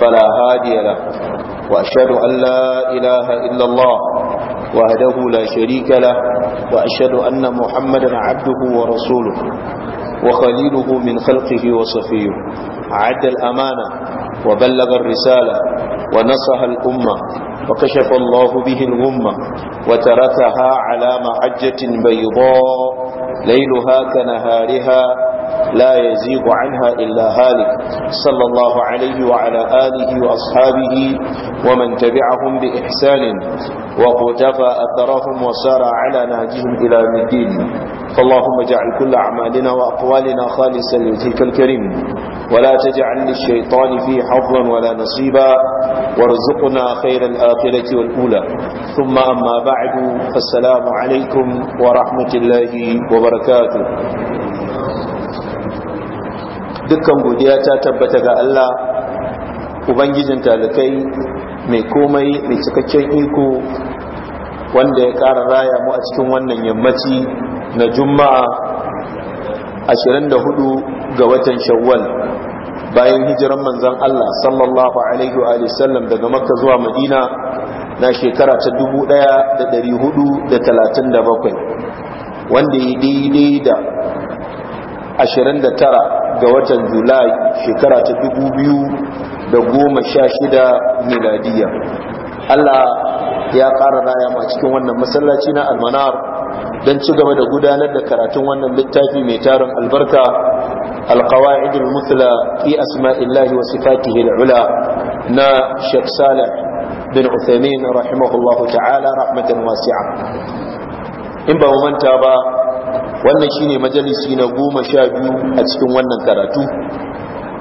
فلا هادي له وأشهد أن لا إله إلا الله وهده لا شريك له وأشهد أن محمدا عبده ورسوله وخليله من خلقه وصفيه عد الأمانة وبلغ الرسالة ونصح الأمة وكشف الله به الغمة وتركها على معجة بيضاء ليلها كنهارها لا يزيغ عنها إلا هالك صلى الله عليه وعلى آله وأصحابه ومن تبعهم بإحسان وقتفى أثرهم وسار على نهجهم إلى الدين فاللهم اجعل كل أعمالنا وأقوالنا خالصا لوجهك الكريم ولا تجعل للشيطان فيه حظا ولا نصيبا وارزقنا خير الآخرة والأولى ثم أما بعد فالسلام عليكم ورحمة الله وبركاته dukkan godiya ta tabbata ga Allah ubangijin talikai mai komai mai cikakken iko wanda ya ƙara raya mu a cikin wannan yammaci na juma'a 24 ga watan shawwal bayan hijiran manzan Allah sallallahu alaihi wa sallam daga makka zuwa madina na shekara ta 1437 wanda ya daidai da 29 ga watan julai shekara ta 2016 miladiya Allah ya ƙara raya ma a cikin wannan masallaci na almanar don ci gaba da gudanar da karatun wannan littafi mai tarin albarka alqawaidul muthla fi asma'illahi wa sifatihi al'ula na Sheikh Salih bin Uthaymeen rahimahullahu ta'ala rahmatan wasi'a in ba mu manta ba wannan shi ne majalisi na goma sha biyu a cikin wannan karatu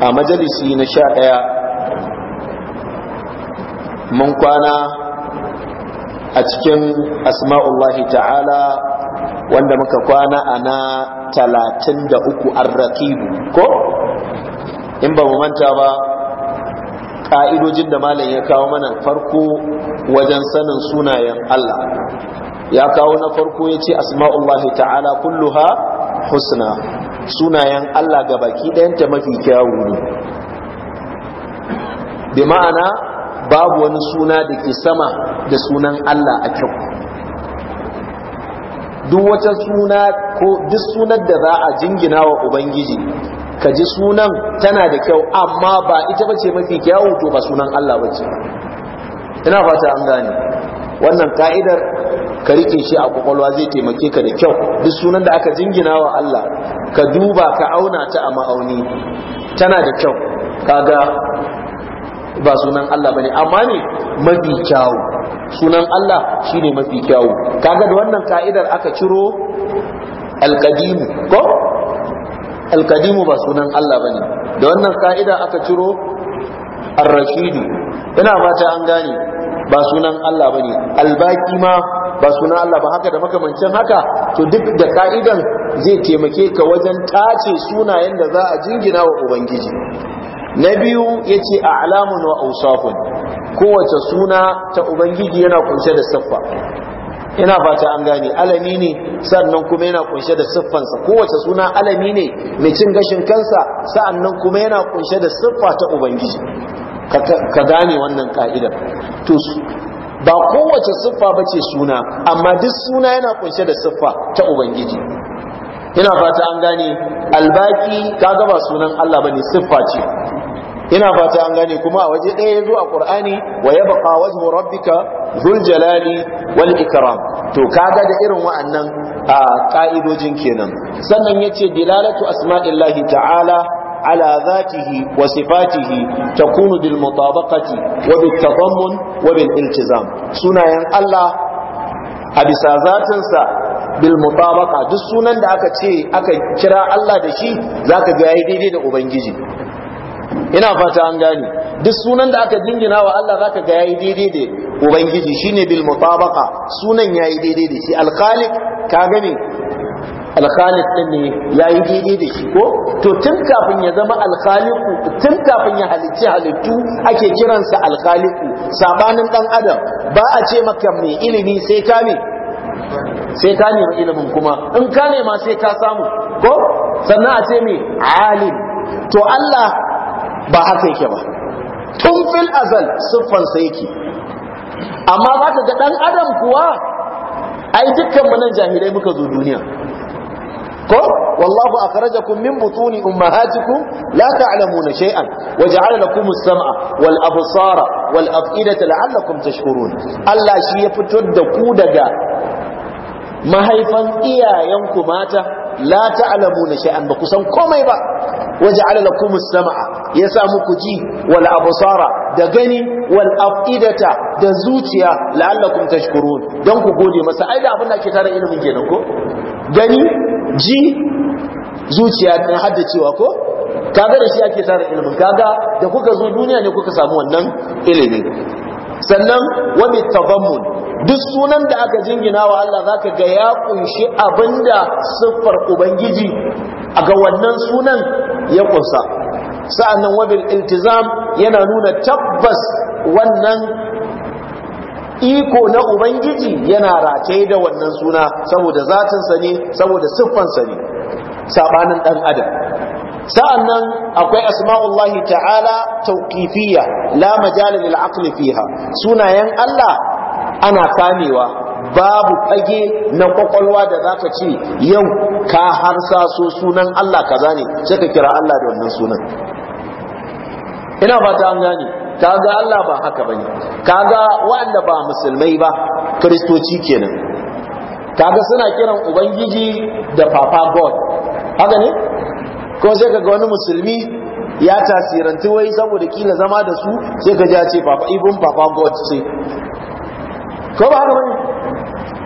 a majalisi na sha ɗaya mun kwana a cikin asma'ullahi ta'ala wanda muka kwana a na talatin da uku arrakibu ko in ba mu manta ba ƙa'idojin da malam ya kawo mana farko wajen sanin sunayen Allah ya kawo na farko ya ce asma'ullahi ta'ala kulluha husna sunayen Allah ga baki ɗayanta mafi kyawu ne bi ma'ana babu wani suna da ke sama da sunan Allah a kyau duk wata suna ko duk sunar da za a jingina wa Ubangiji ka ji sunan tana da kyau amma ba ita bace mafi kyawu to ba sunan Allah bace ina fata an gane wannan ka'idar ka rike shi a kwakwalwa zai taimake ka da kyau duk sunan da aka jingina wa Allah ka duba ka auna ta a ma'auni tana da kyau kaga ba sunan Allah bane amma ne mafi kyawu sunan Allah shine mafi kyawu kaga da wannan ka'idar aka ciro alqadim ko alqadim ba sunan Allah bane da wannan ka'ida aka ciro ar-rashidu ina fata an gane ba sunan Allah bane albaki ma ba sunan Allah ba haka da makamancin haka to duk da ka'idan zai taimake ka wajen tace sunayen da za a jingina wa ubangiji na biyu ya ce a a'lamun wa ausafun kowace suna ta ubangiji yana kunshe da siffa ina fata an gane alami ne sannan kuma yana kunshe da siffansa kowace suna alami ne mai cin gashin kansa sa'annan kuma yana kunshe da siffa ta ubangiji ka gane wannan ka'idar ba kowace siffa ba ce suna amma duk suna yana kunshe da siffa ta ubangiji ina fata an gane albaki kaga ba sunan Allah bane siffa ce ina fata an gane kuma a waje ɗaya yazo a Qur'ani wa yabqa wajhu rabbika dhul jalali wal ikram to kaga da irin wa'annan a ka'idojin kenan sannan yace dilalatu asma'illahi ta'ala على ذاته وصفاته تكون بالمطابقة وبالتضمن وبالالتزام سنة الله أبسا ذاتنسا بالمطابقة دي سنة أكا تي أكا كرا الله دشي ذاك قايدي دي أبنجي ina fata an gani duk sunan da aka jingina wa Allah zaka ga yayi daidai da ubangiji shine bil sunan yayi daidai da shi al ka gani alkhaliq din ne yayi dide da shi ko to tun kafin ya zama alkhaliq tun kafin ya halicci halittu ake kiransa alkhaliq sabanin dan adam ba a ce maka mai ilimi sai ka ne sai ka ne ilimin kuma in ka ma sai ka samu ko sannan a ce mai alim to Allah ba haka yake ba tun fil azal siffansa yake amma za ka ga dan adam kuwa ai dukkan mu nan jahilai muka zo duniya ko wallahu akhrajakum min butuni ummahatikum la ta'lamuna shay'an wa ja'ala lakum as-sam'a wal absara wal af'idata la'allakum tashkurun Allah shi ya fitar da ku daga mahaifan iyayenku mata la ta'lamuna shay'an ba ku san komai ba wa ja'ala lakum as-sam'a ya sa muku ji wal absara da gani wal af'idata da zuciya la'allakum tashkurun don ku gode masa ai da abin da ke tare ilimin kenan ko gani ji zuciya ta haddacewa ko kaga da shi ake tara ilimin kaga da kuka zo duniya ne kuka samu wannan ilimin sannan wani tadammun duk sunan da aka jingina wa Allah zaka ga ya kunshi abinda siffar ubangiji a ga wannan sunan ya kunsa sa'annan wabil iltizam yana nuna tabbas wannan iko na ubangiji yana rataye da wannan suna saboda sa ne saboda sa ne sabanin dan adam sa'annan akwai asma'ullahi ta'ala tawqifiyya la majala lil aqli fiha sunayen Allah ana kamewa babu fage na kwakwalwa da zaka ce yau ka harsa so sunan Allah kaza ne sai ka kira Allah da wannan sunan ina fata an gane kaga Allah ba haka bane kaga waɗanda ba musulmai ba kristoci kenan kaga suna kiran ubangiji da papa god haka ne ko sai kaga wani musulmi ya tasiranti wai saboda kila zama da su sai ka ja ce papa ibun papa god ce ko ba haka bane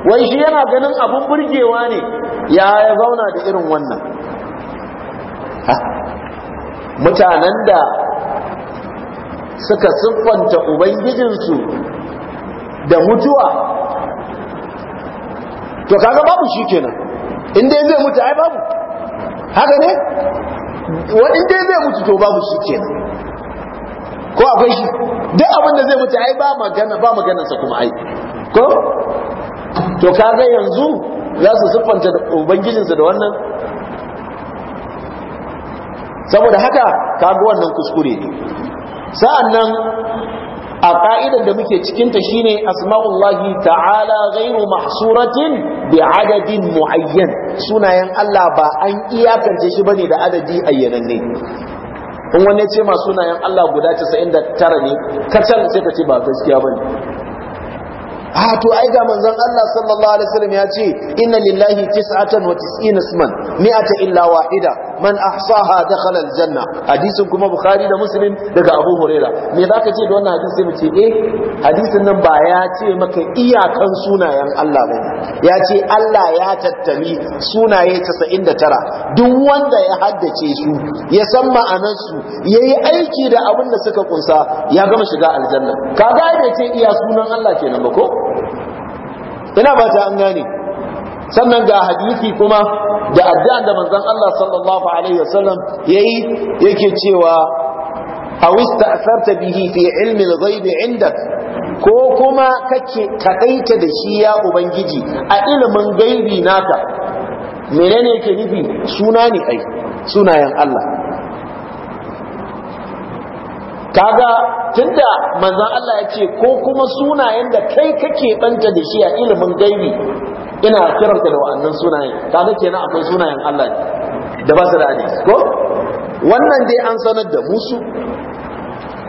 wai shi yana ganin abun burgewa ne ya ya zauna da irin wannan mutanen da suka siffanta ubangijinsu da mutuwa to kaga babu shi kenan inda zai mutu ai babu haka ne ya zai mutu to babu shi kenan ko akwai shi duk abin da zai mutu ai ba magana ba maganarsa kuma ai ko to kaga yanzu za su siffanta ubangijinsa da wannan saboda haka kaga wannan kuskure ne sa'annan a ka'idan da muke cikinta shine asma'ullahi ta'ala ghairu mahsuratin da adadin muayyan sunayen Allah ba an iyakance shi ba ne da adadi ne. in wani ce ma sunayen Allah guda da tara ne kacal sai ka ce ba gaskiya ba ne. a to ai ga manzon Allah sallallahu alaihi wasallam ya ce inna lillahi tis'atan wa tis'ina isman mi'ata illa wahida man ahsaha dakhala aljanna hadisin kuma bukhari da muslim daga abu huraira me zaka ce da wannan hadisi mu ce eh hadisin nan ba ya ce maka iyakan sunayen Allah ba ya ce Allah ya tattali sunaye 99 duk wanda ya haddace su ya san ma'anar su yayi aiki da abin da suka kunsa ya gama shiga aljanna kaga bai ce iya sunan Allah kenan ba ko ina ba ta an gane sannan ga hadisi kuma da addu'an da manzon Allah sallallahu alaihi wasallam yayi yake cewa aw ista'sarta bihi fi ilmi al-ghaib indak ko kuma kake kadaita da shi ya ubangiji a ilimin gaibi naka menene ke nufi suna ne ai sunayen Allah kaga tunda manzon Allah ya ce ko kuma sunayen da kai kake banta da shi a ilimin gaibi ina kiranta da wa'annan sunayen kaga kenan akwai sunayen Allah da ba su da hadis ko wannan dai an sanar da musu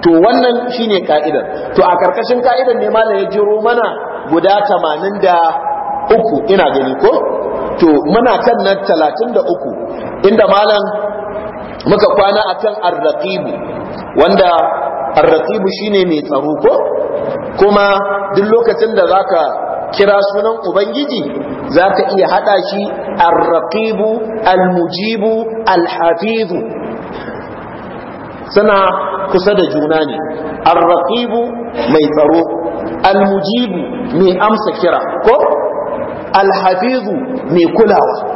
to wannan shine ka'idar to a karkashin ka'idar ne malam ya jiro mana guda 83 ina gani ko to muna kan nan 33 inda malam muka kwana akan ar-raqib wanda arraqibu shine mai tsaro ko kuma duk lokacin da zaka kira sunan ubangiji zaka iya hada shi arraqibu almujibu alhafizu suna kusa da juna ne arraqibu mai tsaro almujibu mai amsa kira ko alhafizu mai kulawa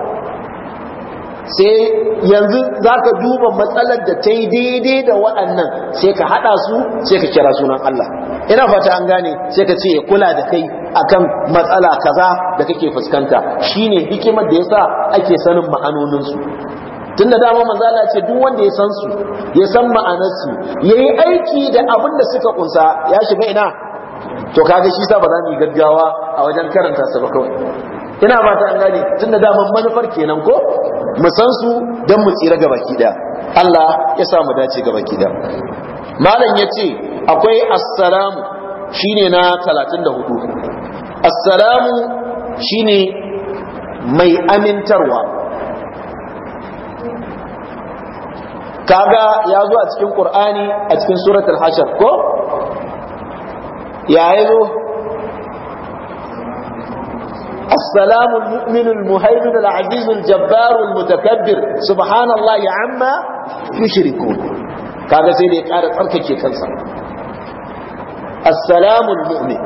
sai yanzu za ka duba matsalar da ta yi daidai da waɗannan sai ka haɗa su sai ka kira sunan Allah ina fata an gane sai ka ce ya kula da kai akan matsala kaza da kake fuskanta shine hikimar da yasa ake sanin ma'anoninsu tun da dama manzala ce duk wanda ya san su ya san ma'anarsu ya yi aiki da abin da suka kunsa ya shiga ina to kaga shi sa ba za mu yi gaggawa a wajen karanta su ba kawai ina ba ta gane tun da dama manufar kenan ko mu san su don mu tsira ga baki Allah ya sa mu dace ga baki Malam malam yace akwai assalamu shine na 34 assalamu shine mai amintarwa kaga ya zo a cikin qur'ani a cikin suratul hashar ko ya zo السلام المؤمن المهيمن العزيز الجبار المتكبر سبحان الله عما يشركون kaga sai da ya ƙara kansa assalamu mu'min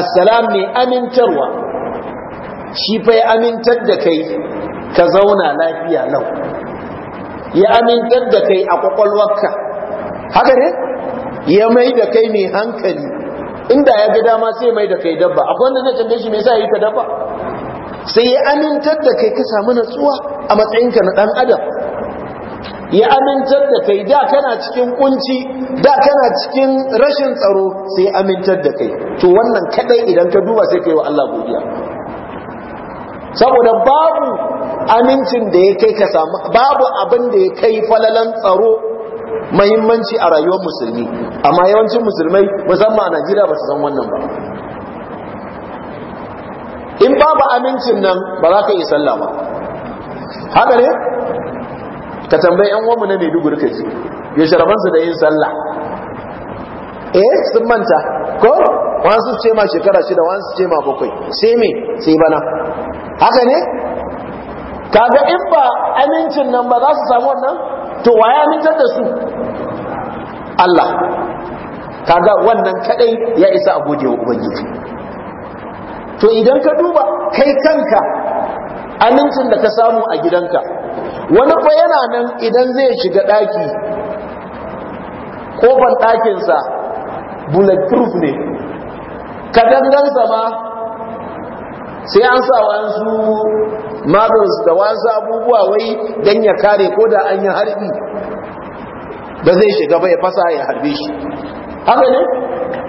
assalam ne amintarwa shi fa ya amintar da kai ka zauna lafiya lau ya amintar da kai a kwakwalwarka haka ne ya mai da kai mai hankali inda ya ga dama sai mai da kai dabba akwai wanda zai canje shi me yasa yi ka dabba sai ya amintar da kai ka samu natsuwa a matsayinka na dan adam ya amintar da kai da kana cikin kunci da kana cikin rashin tsaro sai ya amintar da kai to wannan kadai idan ka duba sai kai wa Allah godiya saboda babu amincin da ya kai ka samu babu abin da ya kai falalan tsaro mahimmanci a rayuwar musulmi amma yawancin musulmai musamman a najeriya ba su san wannan ba in babu amincin nan ba za ka yi sallah ba haka ne ka tambayi yan uwanmu na maiduguri ka ji ya sharabansu da yin sallah eh sun manta ko wasu ce ma shekara shida wasu ce ma bakwai sai me sai bana haka ne kaga in ba amincin nan ba za su samu wannan to ya mintar da su Allah kaga wannan kadai ya isa a gode wa ubangiji to idan ka duba kai kanka amincin da ka samu a gidanka wani fa yana nan idan zai shiga daki kofar ɗakinsa bulletproof ne ka kadangansa ma sai an sa wasu magans da wasu abubuwa wai don ya kare ko da an yi harbi ba zai shiga ba ya fasa ya harbe shi haka ne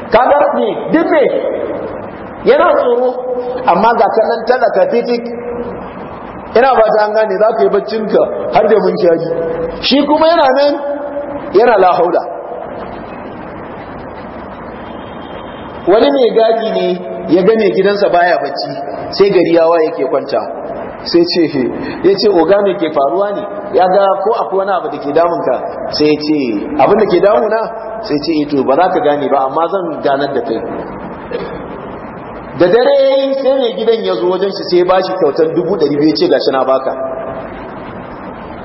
kaga ne duk ne yana tsoro amma ga kanan talaka titik yana ba ta gane za ka yi baccinka har da mun shaji shi kuma yana nan yana lahaula wani mai gadi ne ya gane gidansa baya bacci sai gari yawa yake kwanta sai ce ya ce oga ke faruwa ne ya ga ko akwai wani abu da ke damunka sai ce abin da ke damuna sai ce ito eh, ba za ka gane ba amma zan ganar da kai da dare yi sai mai gidan ya zo wajen shi sai ba bashi kyautar dubu ɗari biyu ce gashi na baka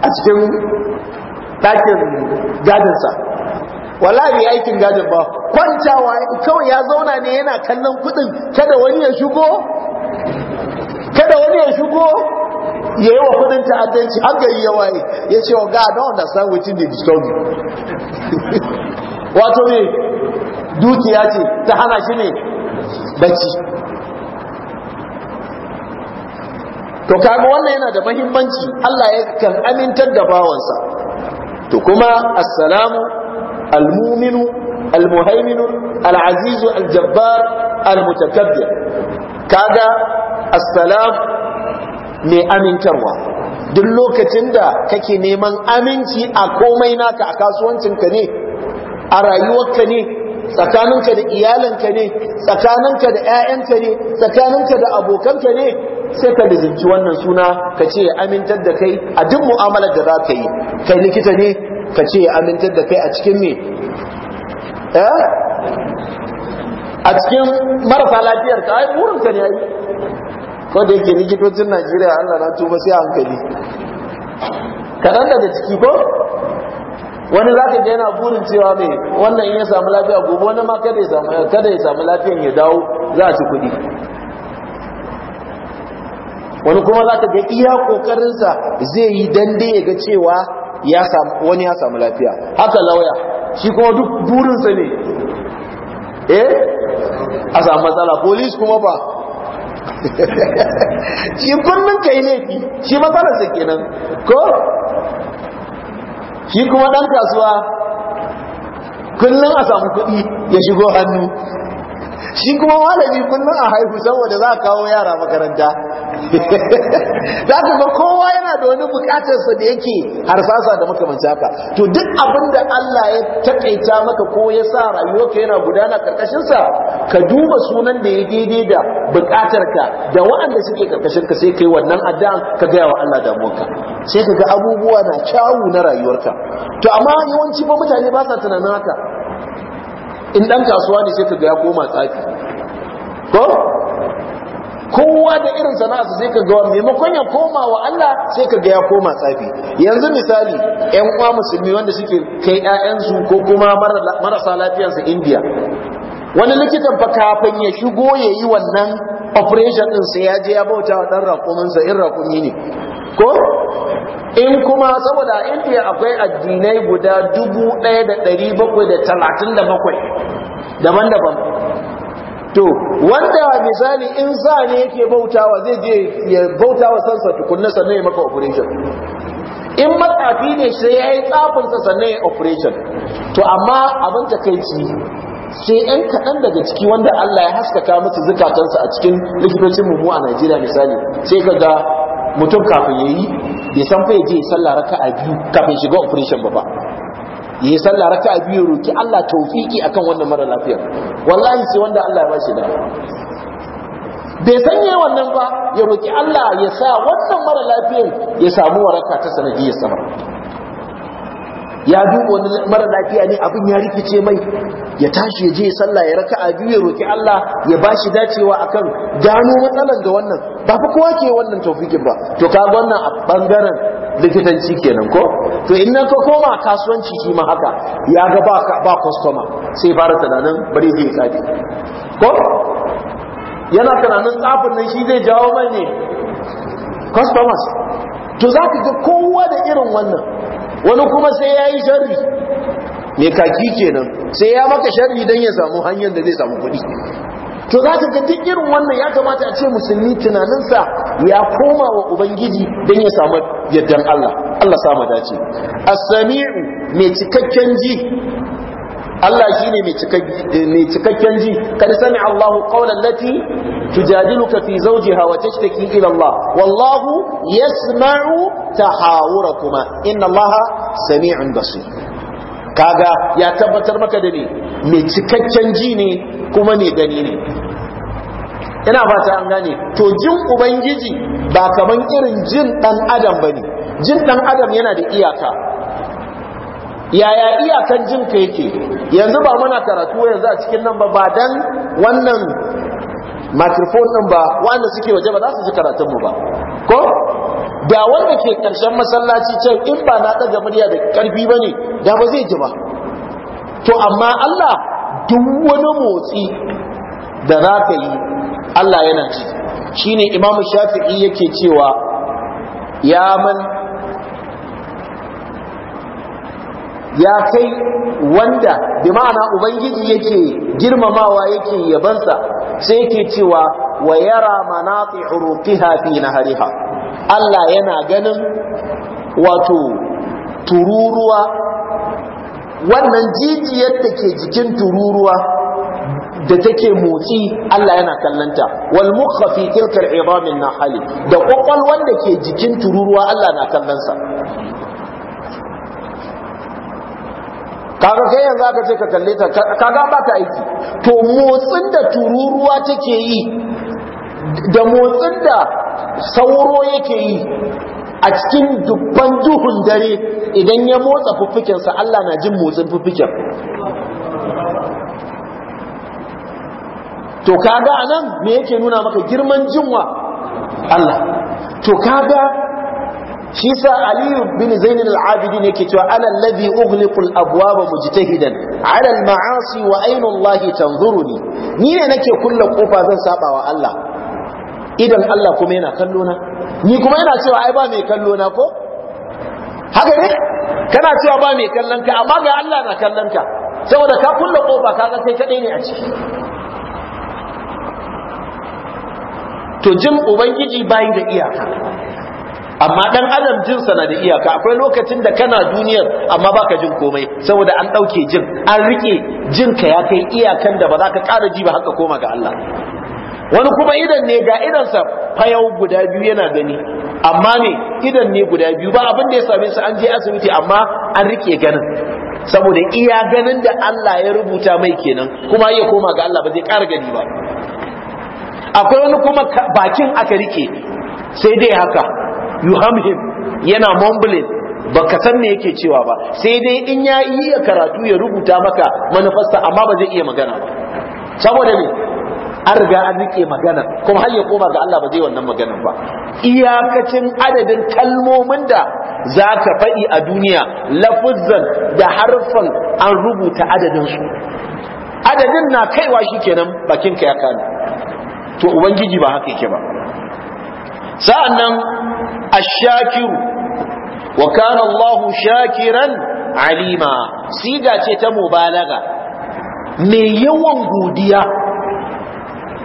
a cikin ɗakin gadinsa wallahi aikin gadin ba kwantawa kawai ya zauna ne yana kallon kuɗin kada wani ya shigo kada wani ya shigo ya yi wa kudin ta'addanci an gari ya waye ya ce wa ga don da san wucin da you wato ne dukiya ce ta hana shi ne bacci to kama wannan yana da mahimmanci Allah ya kan amintar da bawansa to kuma assalamu almuminu almuhaiminu alazizu aljabbar almutakabbir kaga assalam mai amintarwa duk lokacin da kake neman aminci a komai naka a kasuwancinka ne a rayuwarka ne tsakaninka da iyalanka ne tsakaninka da 'ya'yanka ne tsakaninka da abokanka ne sai ka lizinci wannan suna ka ce ya amintar da kai a duk mu'amalar da za ka yi kai likita ne ka ce ya amintar da kai a cikin me eh? a cikin marasa lafiyar ka ai burinka ne ai ko da yake likitocin najeriya allah na tuba sai hankali kaɗan daga ciki ko wani za ka ga yana burin cewa mai wannan in ya samu lafiya gobe wani ma kada ya samu lafiyan ya dawo za a ci kuɗi wani kuma za ka ga iya kokarinsa zai yi dande ya ga cewa wani ya samu lafiya haka lauya shi kuma duk burinsa ne eh a samu matsala police kuma ba shi kullum ka yi laifi shi matsalarsa kenan ko shi kuma ɗan kasuwa kullum a samu kuɗi ya shigo hannu shi kuma malami kullum a haihu saboda za a kawo yara makaranta za ka ga kowa yana da wani bukatarsa da yake harsasa da makamanci haka to duk abin da Allah ya takaita maka ko ya sa rayuwarka yana gudana karkashinsa ka duba sunan da ya daidai da bukatarka da waɗanda suke ka sai kai wannan addu'an ka gaya wa Allah damuwarka sai ka ga abubuwa na kyawu na rayuwarka to amma yawanci ba mutane ba sa tunanin haka in dan kasuwa ne sai kaga ya koma tsafi ko kowa da irin sana'arsa sai kaga wa maimakon ya koma wa Allah sai kaga ya koma tsafi yanzu misali ƴan uwa musulmi wanda suke kai ƴaƴansu ko kuma marasa lafiyar lafiyarsa India wani likitan fa kafin ya shigo yayi wannan operation din sai ya je ya bauta wa dan rakuminsa in rakumi ne ko in kuma saboda a indiya akwai addinai guda dubu ɗari bakwai da daban-daban to wanda misali in sa ne yake bautawa zai je ya bautawa sansa tukunna sannan ya maka operation in matsafi ne sai ya yi tsafinsa sannan ya operation to amma abin takaici sai yan kaɗan daga ciki wanda Allah ya haskaka musu zukatansa a cikin likitocin mummu a Najeriya misali sai ka ga mutum kafin ya yi bai san fa je sallah a biyu kafin shiga operation ba ba yi sallah a biyu roki Allah tawfiki akan wannan mara lafiya wallahi sai wanda Allah ya ba shi da bai san yayi wannan ba ya roki Allah ya sa wannan mara lafiyar ya samu waraka ta sanadiyar sama ya duba wani mara lafiya ne abin ya rikice mai ya tashi ya je ya sallah ya raka'a biyu ya roki Allah ya bashi dacewa akan gano matsalan ga wannan ba fa kowa ke wannan tawfikin ba to ka wannan a bangaren likitanci kenan ko to in ka koma kasuwanci shi ma haka ya ga ba ba customer sai fara tunanin bari zai sake ko yana tunanin tsafin nan shi zai jawo mai ne customers to zaka ga kowa da irin wannan wani kuma sai ya yi sharri mai kaki kenan sai ya maka sharri don ya samu hanyar da zai samu kuɗi to za ka ga duk irin wannan ya kamata a ce musulmi tunaninsa ya koma wa ubangiji don ya samu yardan Allah Allah samu dace a samiu mai cikakken ji Allah ne mai cikakken ji kada sami Allah ƙaunar lati tujadiluka fi zawjiha wa tashtaki ila Allah wallahu yasma'u tahawurakuma inna Allah sami'un basir kaga ya tabbatar maka da ne mai cikakken ji ne kuma mai gani ne ina fata an gane to jin ubangiji ba kaman irin jin ɗan adam bane jin ɗan adam yana da iyaka yaya iyakan jin ka yake yanzu ba muna karatu yanzu a cikin nan ba ba dan wannan microphone din ba wanda suke waje ba za su ji karatun mu ba ko da wanda ke karshen masallaci ce in ba na daga murya da karfi bane da ba zai ji ba to amma Allah duk wani motsi da za ka yi Allah yana ji shine Imam Shafi'i yake cewa ya man ya kai wanda bi ma'ana ubangiji yake girmamawa yake yabansa sai yake cewa wa yara manati uruqiha fi nahariha Allah yana ganin wato tururuwa wannan jijiyar da ke jikin tururuwa da take motsi Allah yana kallanta wal mukha fi tilkal idamin nahali da kokol wanda ke jikin tururuwa Allah na kallansa kaga kai yanzu aka ce ka kalle ta kaga ba ta aiki to motsin da tururuwa take yi da motsin da sauro yake yi a cikin dubban duhun dare idan ya motsa fuffikensa Allah na jin motsin fuffiken to kaga anan me yake nuna maka girman jinwa Allah to kaga shi sa aliyu bin zainul al-abidi ne ke cewa ana ba mu ji ta hidan. ala al-ma'asi wa aynu tanzuru ne. ni ne nake kulle kofa zan saba wa Allah idan Allah kuma yana kallo na ni kuma yana cewa ai ba mai kallo na ko haka ne kana cewa ba mai kallon ka amma ga Allah na kallon ka saboda ka kulle kofa kaga kai kadai ne a ciki to jin ubangiji bayi da iyaka amma dan adam jinsa na da iyaka akwai lokacin da kana duniyar amma baka jin komai saboda an dauke jin an rike jinka ya kai iyakan da ba za ka kara ji ba haka koma ga Allah wani kuma idan ne ga idansa fayau guda biyu yana gani amma ne idan ne guda biyu ba abin da ya same su an je asibiti amma an rike ganin saboda iya ganin da Allah ya rubuta mai kenan kuma ya koma ga Allah ba zai kara gani ba akwai wani kuma bakin aka rike sai dai haka yuhamhim yana mumbling ka san me yake cewa ba sai dai in ya iya karatu ya rubuta maka manufarsa amma ba zai iya magana ba saboda ne an riga an rike magana kuma har ya koma ga Allah ba zai wannan maganar ba iyakacin adadin kalmomin da za ka faɗi a duniya lafuzzan da harfan an rubuta adadin su adadin na kaiwa shi bakin ka ya kame to ubangiji ba haka yake ba sa'annan ash-shakiru wa shakiran alima siga ce ta mubalaga mai yawan godiya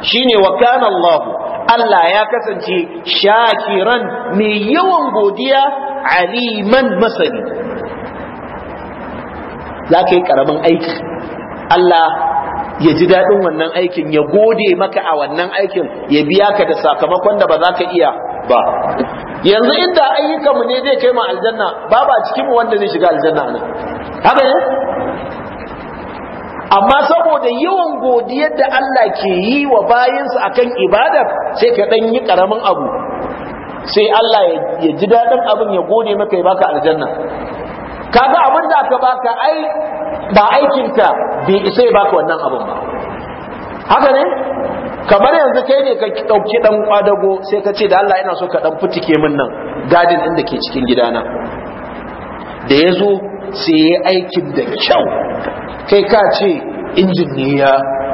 shine wa kana Allah ya kasance shakiran mai yawan godiya aliman masani za ka yi karamin aiki Allah ya ji daɗin wannan aikin ya gode maka a wannan aikin ya biya ka da sakamakon da ba za ka iya ba yanzu inda ayyukanmu ne zai kai mu aljanna babu a cikinmu wanda zai shiga aljanna ne, haka ne amma saboda yawan godiyar da Allah ke yi wa bayinsa akan ibada, sai ka dan yi karamin abu sai Allah ya ji dadin abin ya gode maka ya baka aljanna kaga abin da aka baka ai ba aikinka bai isa ya baka wannan abin ba haka ne kamar yanzu kai ne ka ɗauki ɗan ƙwadago sai ka ce da Allah yana so ka ɗan fitike min nan gadin inda ke cikin gidana da ya zo sai ya aikin da kyau kai ka ce injin ne ya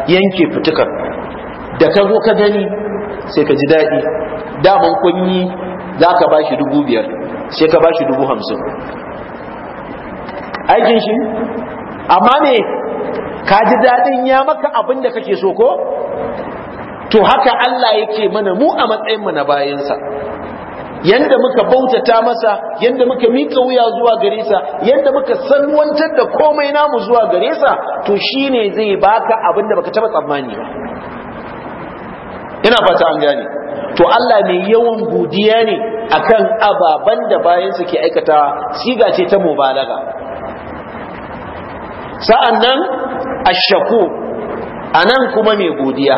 yanke fitukar da ka zo ka gani sai ka ji daɗi daman kunyi za ka ba shi dubu biyar sai ka ba shi dubu hamsin aikin shi amma ne ka ji daɗin ya maka abin da kake so ko to haka Allah yake mana mu a matsayin mu na bayansa yanda muka bautata masa yanda muka mika wuya zuwa gare sa yanda muka sanwantar da komai namu zuwa gare sa to shine zai baka abinda baka taba tsammani ba ina fata an gane to Allah mai yawan godiya ne akan ababan da bayansa ke aikata siga ce ta mubalaga sa'annan ashaku a nan kuma mai godiya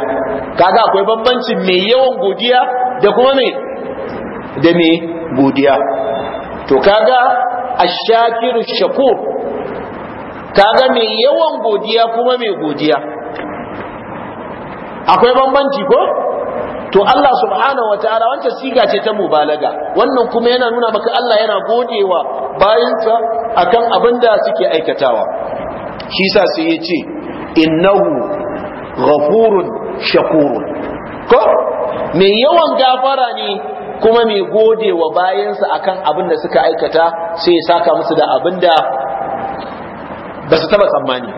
kaga akwai bambancin mai yawan godiya da kuma mai da mai godiya to kaga ashakiru shakur kaga mai yawan godiya kuma mai godiya akwai bambanci ko to Allah subhanahu wataala wanta siga ce ta mubalaga wannan kuma yana nuna maka Allah yana godewa bayansa akan abin da suke aikatawa shi sa sai ya ce innahu ghafurun shakurun ko mai yawan gafara ne kuma mai gode wa bayansa akan abin da suka aikata sai ya saka musu da abin da ba su taba tsammani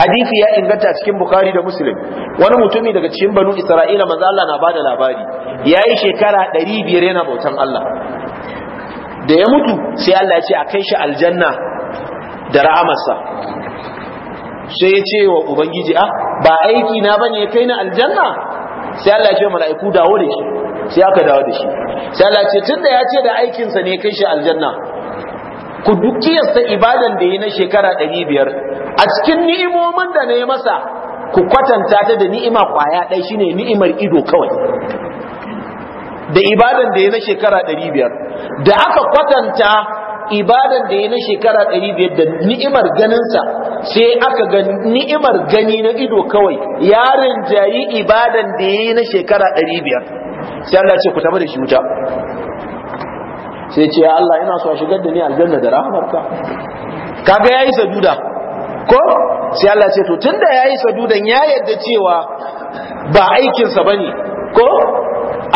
hadisi ya inganta cikin Bukhari da muslim wani mutumi daga cikin banu isra'ila manzo Allah na bada labari yayi shekara 500 yana bautan Allah da ya mutu sai Allah ya ce a kai shi aljanna da ra'amarsa sai ya ce wa ubangiji a ah, ba aiki na bane ya kai na aljanna sai Allah ya ce mala'iku dawo da shi sai aka dawo da shi sai Allah ya ce tunda ya ce da aikinsa ne kai shi aljanna ku duk kiyasta ibadan da yi na shekara 500 a cikin ni'imomin da na yi masa ku kwatanta ta da ni'ima kwaya ɗaya shine ni'imar ido kawai da ibadan da ya na shekara 500 da aka kwatanta ibadan da ya na shekara 500 da ni'imar ganinsa sai aka ga ni'imar gani na ido kawai yarin jayi ibadan da yayi na shekara 500 sai Allah ce ku tafi da shi wuta sai ce ya Allah ina so a shigar da ni aljanna da rahmarka kaga yayi sajuda ko sai Allah ce to tunda yayi sajudan ya yarda cewa ba aikinsa bane ko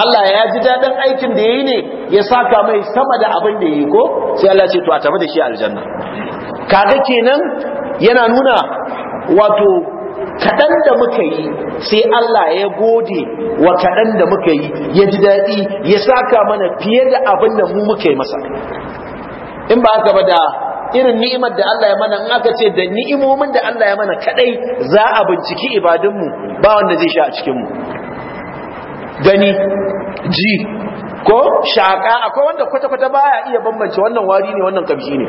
Allah ya ji dadin aikin da yayi ne ya saka mai sama da abin da yayi ko sai Allah ce to a tafi da shi aljanna kaga kenan yana nuna wato kaɗan da muka yi sai Allah ya gode wa kaɗan da muka yi ya ji daɗi ya saka mana fiye da abin da mu muka yi masa in ba haka ba da irin ni'imar da Allah ya mana in aka ce da ni'imomin da Allah ya mana kaɗai za a binciki ibadunmu ba wanda zai sha a cikinmu gani ji ko shaƙa akwai wanda kwata-kwata baya iya bambance wannan wari ne wannan kabshi ne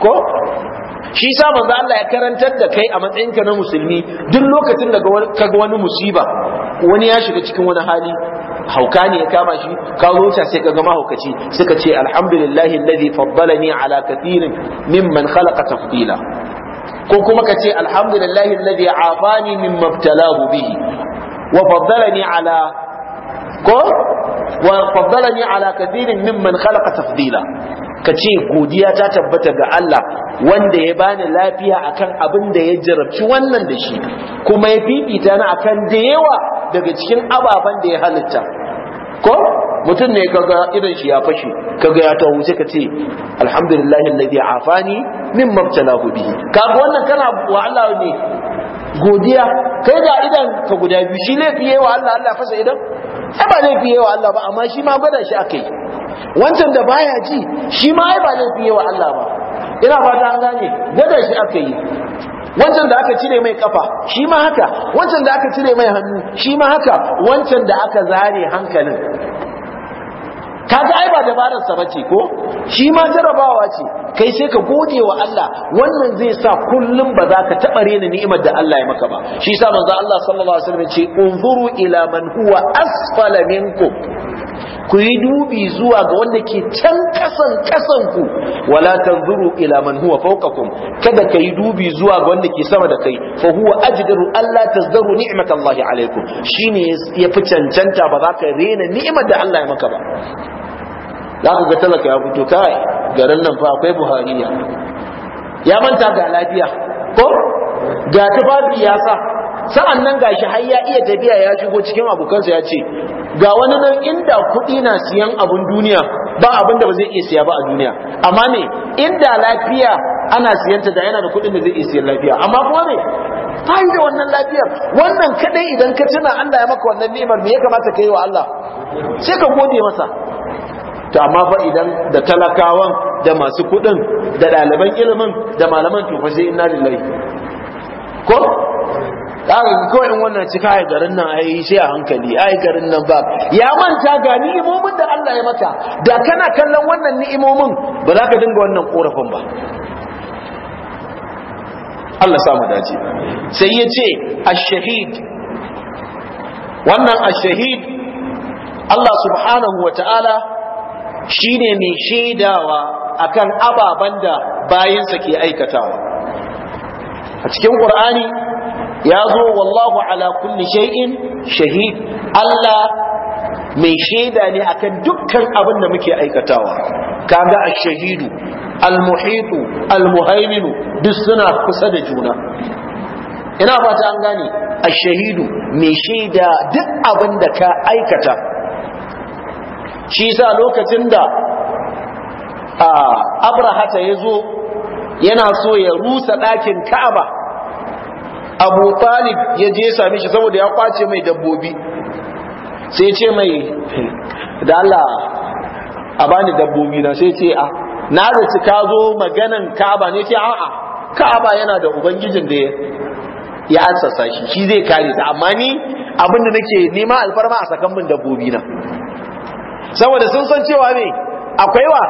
ko shi sa manzo Allah ya karantar da kai a matsayinka na musulmi duk lokacin da ka ga wani musiba wani ya shiga cikin wani hali hauka ne ya kama shi ka zo sai ka ga mahaukaci suka ce alhamdulillahi alladhi faddalani ala kathirin mimman khalaqa tafdila ko kuma ka ce alhamdulillahi alladhi afani mimma ibtalahu bihi wa faddalani ala ko wa faddalani ala kathirin mimman khalaqa tafdila ka ce godiya ta tabbata ga Allah wanda ya bani lafiya akan abin da ya jarabci wannan da shi kuma ya fifita ni akan da yawa daga cikin ababen da ya halitta ko mutum ne kaga idan shi ya fashe kaga ya ta sai ka ce alhamdulillahi alladhi afani mimma ibtalahu Ka kaga wannan kana wa Allah ne godiya kai da idan ka guda biyu shi fiye wa Allah Allah fasa idan ba ne fiye wa Allah ba amma shi ma gwada shi akai wancan da baya ji shi ma ai ba laifi wa Allah ba ina fata an gane gwada shi aka yi wancan da aka cire mai kafa shi ma haka wancan da aka cire mai hannu shi ma haka wancan da aka zare hankalin kaga ai ba dabararsa bace ko shi ma jarabawa ce kai sai ka gode wa Allah wannan zai sa kullum ba za ka taɓa rena ni'imar da Allah ya maka ba shi yasa manzo Allah sallallahu alaihi wasallam ce unzuru ila man huwa asfala minkum ku yi dubi zuwa ga wanda ke can kasan kasan ku wala tanzuru ila man huwa fawqakum kada ka yi dubi zuwa ga wanda ke sama da kai fa huwa ajdaru Allah tazdaru ni'matallahi alaikum shine fi cancanta ba za ka rena ni'imar da Allah ya maka ba za ka ga talaka ya fito kai garin nan fa akwai buhariya ya manta ga lafiya ko ga tufafi ya sa sa'an nan gashi har ya iya tafiya ya shigo cikin abokansa ya ce ga wani nan inda kuɗi na siyan abun duniya ba abin da ba zai iya siya ba a duniya amma ne inda lafiya ana siyanta da yana da kuɗin da zai iya siyan lafiya amma kuma ne ba da wannan lafiyar wannan kadai idan ka tuna Allah ya maka wannan ni'imar me ya kamata ka yi wa Allah sai ka gode masa to amma fa idan da talakawan da masu kuɗin da ɗaliban ilimin da malaman to fa sai inna lillahi ko ga in wannan cika ai garin nan ai sai a hankali ai garin nan ba ya manta ga ni'imomin da Allah ya maka da kana kallon wannan ni'imomin ba za ka dinga wannan korafin ba Allah sa mu dace sai ya ce ash-shahid wannan ash-shahid Allah subhanahu wa ta'ala shine mai shaidawa akan ababen da bayansa ke aikatawa a cikin qur'ani ya zo wallahu ala kulli shay'in shahid Allah mai shaida ne akan dukkan abin da muke aikatawa kaga ash-shahidu al-muhitu al-muhaiminu duk suna kusa da juna ina fata an gane ash-shahidu mai shaida duk abin da ka aikata shi sa lokacin da abrahata ya zo yana so ya rusa ɗakin ka'aba abu talib ya je sami shi saboda ya kwace mai dabbobi sai ce mai da Allah a bani dabbobi na sai ce a ah, na zaci ka zo maganan ka'aba ne ce a'a ka'aba yana da ubangijin da ya ansa shi shi zai kare ta amma ni abinda nake nema alfarma a sakan dabbobi na saboda sun san cewa ne akwai wa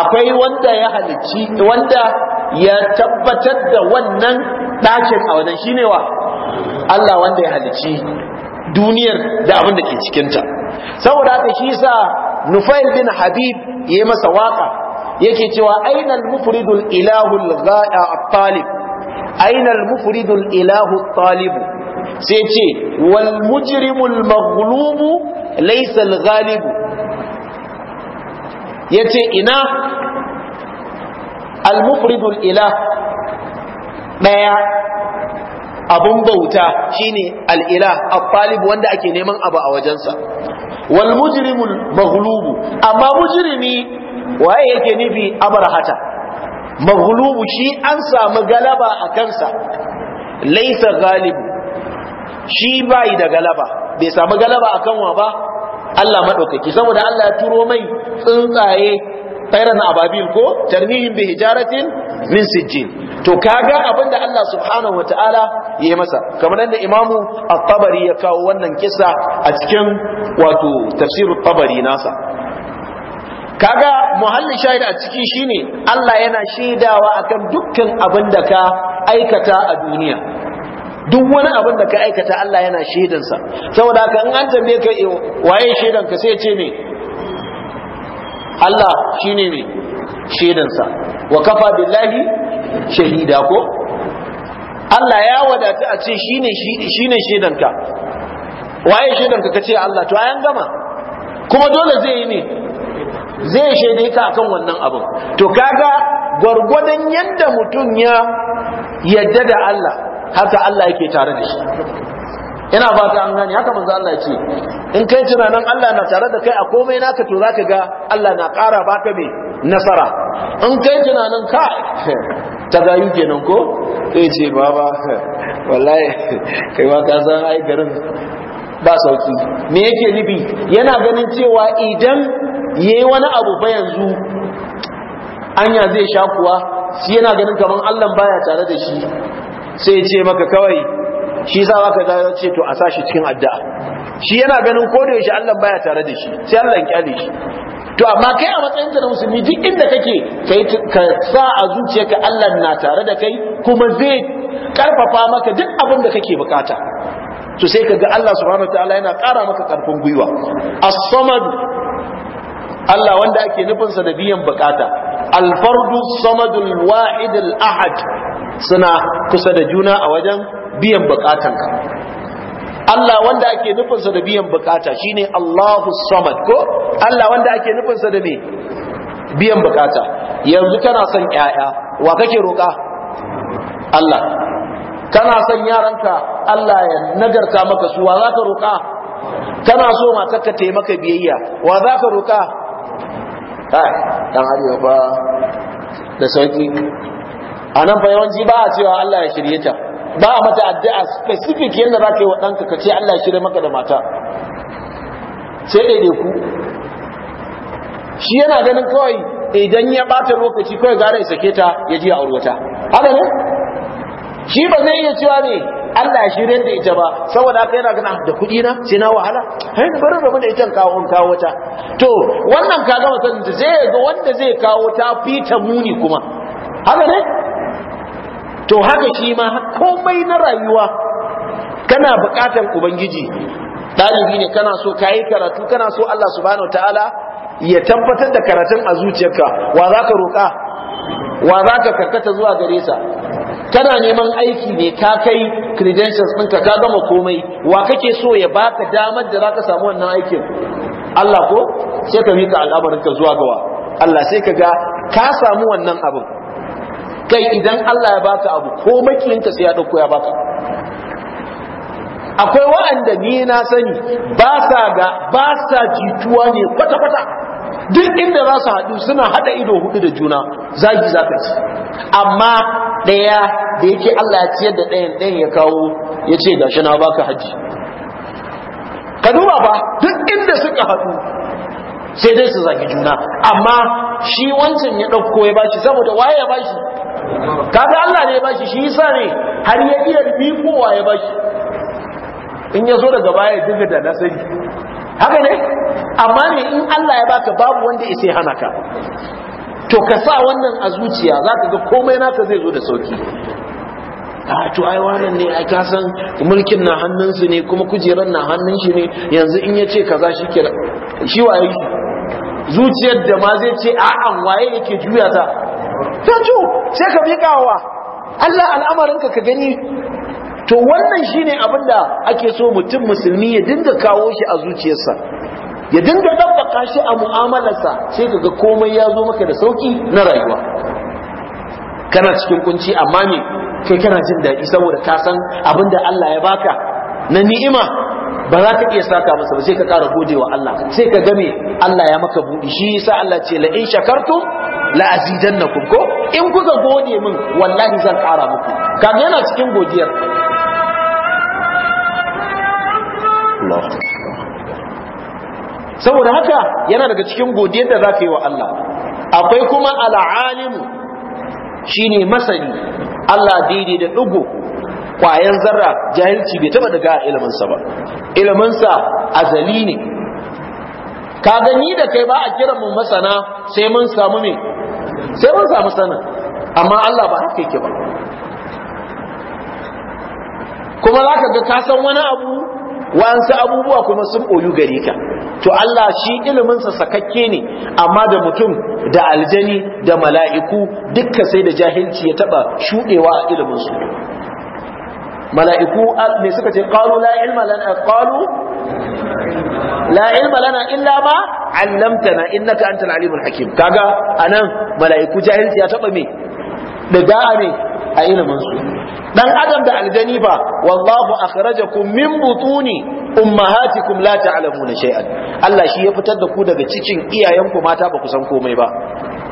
akwai wanda ya halicci wanda ya tabbatar da wannan ɗakin a wajen shine wa Allah wanda ya halicci duniyar da abin da ke cikinta saboda haka shi sa Nufail bin Habib yayi masa waka yake cewa aina al-mufridul ilahu al-talib aina al-mufridul ilahu al-talib sai ce wal mujrimul maghlubu Laisal Galibu ghalib yace ina al ila ilah daya abun bauta shine al-ilah al-talib wanda ake neman abu a wajensa wal mujrimul maghlub amma mujrimi waye yake nufi abarhata maghlubu shi an samu galaba a kansa laisa galibu shi bai da galaba bai samu galaba akan kanwa ba Allah maɗaukaki saboda Allah ya turo mai tsuntsaye tayran ababil ko tarmihin bi hijaratin min sijjin to kaga abinda Allah subhanahu wataala yayi masa kamar yadda Imamu At-Tabari ya kawo wannan kisa a cikin wato tafsirut Tabari nasa kaga muhallin shahid a ciki shine Allah yana shaidawa akan dukkan abin da ka aikata a duniya duk wani abin da ka aikata Allah yana shaidansa saboda haka in an tambaye ka eh, waye shaidan ka sai ce me Allah shine me shaidansa wa kafa billahi shahida ko Allah ya wadata a ce shine shine shaidanka waye shaidanka kace Allah to ayan gama kuma dole zai yi ne zai shaidai ka akan wannan abin to kaga gwargwadon yadda mutum ya yadda da Allah haka Allah yake tare da shi ina ba ta an gani haka manzo Allah ce in kai tunanin Allah na tare da kai a komai naka to zaka ga Allah na ƙara baka mai nasara in kai tunanin ka ta kenan ko sai ce baba wallahi kai ma ka san ai garin ba sauki me yake nufi yana ganin cewa idan yayi wani abu ba yanzu anya zai sha kuwa shi yana ganin kaman Allah baya tare da shi sai ce maka kawai shi sa maka da ce to a sashi cikin addu'a shi yana ganin ko da yaushe Allah baya tare da shi sai Allah ya kyale shi to amma kai a matsayin da musulmi duk inda kake kai ka sa a zuciyarka Allah na tare da kai kuma zai karfafa maka duk abin da kake bukata to sai kaga Allah subhanahu wataala yana ƙara maka karfin gwiwa as-samad Allah wanda ake nufinsa da biyan bukata al-fardu samadul wahid al-ahad suna kusa da juna a wajen biyan ka. Allah wanda ake nufinsa da biyan bukata shine Allahu Samad ko Allah wanda ake nufinsa da me biyan bukata yanzu kana son ƴaƴa wa kake roƙa Allah kana son yaranka Allah ya nagarta maka su wa zaka roƙa kana so matarka ta yi maka biyayya wa zaka roƙa kai dan hariya fa da sauki a nan fa yawanci ba a cewa Allah ya shirye ta ba a mata addu'a specific yadda za ka yi wa ɗanka ka ce Allah ya shirye maka da mata sai ɗaiɗe ku shi yana ganin kawai idan ya ɓata lokaci kawai gara ya sake ta ya ji a aurwata haka ne shi ba zai iya cewa ne Allah ya shirye da ita ba saboda haka yana gana ah, da kuɗi na sai na wahala hai bari rabu da ita kawo in kawo ta to wannan kaga mutum zai ga wanda zai kawo ta fita muni kuma haka ne to haka shi ma komai na rayuwa kana bukatar ubangiji Dalibi ne kana so kayi karatu kana so Allah subhanahu ta'ala ya tabbatar da karatun a zuciyarka wa za ka roƙa wa za ka karkata zuwa gare sa kana neman aiki ne ka kai credentials ɗinka ka gama komai wa kake so ya baka damar da za ka samu wannan aikin Allah ko sai ka mika al'amarinka zuwa gawa Allah sai ka ga ka samu wannan abin kai idan Allah ya baka abu ko makiyinka sai ya dauko ya baka akwai wa'anda ni na sani ba sa ga ba sa jituwa ne kwata kwata duk inda za su haɗu suna haɗa ido hudu da juna zagi za ka ci amma ɗaya da yake Allah ya ciyar da ɗayan ɗayan ya kawo ya ce gashi na baka haji ka duba ba duk inda suka haɗu sai dai su zagi juna amma shi wancan ya ɗauko ya bashi saboda waye ya bashi kaga Allah ne ya bashi shi yasa ne har ya iya kowa ya bashi in ya zo daga baya ya da na sani haka ne amma ne in Allah ya baka babu wanda ya sai hana ka to ka sa wannan a zuciya ka ga komai naka zai zo da sauki a to ai wannan ne ai kasan mulkin na hannunsu ne kuma kujerar na hannun shi ne yanzu in ya ce kaza shi ke shi waye shi zuciyar da ma zai ce a'a waye yake juya ta faju sai ka miƙa wa Allah al'amarinka ka gani to wannan shine abin da ake so mutum musulmi ya dinga kawo shi a zuciyarsa ya dinga dabbaka shi a mu'amalarsa sai ka ga komai ya zo maka da sauki na rayuwa kana cikin kunci amma me kai kana jin daɗi saboda ka san abin da Allah ya baka na ni'ima ba za ta iya saka masa ba sai ka kara gode wa Allah sai ka game Allah ya maka buɗi shi yasa Allah ce la in shakartu la azidannakum ko in kuka gode min wallahi zan kara muku kaga yana cikin godiyar saboda haka yana daga cikin godiyar da za ka yi wa Allah akwai kuma al'alimu shine masani Allah daidai da ɗigo kwayan zarra jahilci bai taba daga iliminsa ba iliminsa azali ne ka gani da kai ba a kira mu masana sai mun samu ne sai mun samu sana amma Allah ba haka yake ba kuma za ka ga ka san wani abu wa'ansu abubuwa kuma sun ɓoyu gare ka to Allah shi iliminsa sakakke ne amma da mutum da aljani da mala'iku dukka sai da jahilci ya taɓa shuɗewa a iliminsu mala'iku me suka ce qalu la lana illa ma 'allamtana innaka antal alimul hakim kaga anan mala'iku jahilci ya taba me da da'a ne a ilimin dan adam da aljani ba wallahu akhrajakum min butuni ummahatikum la na shay'an Allah shi ya fitar da ku daga cikin iyayenku mata ba ku san komai ba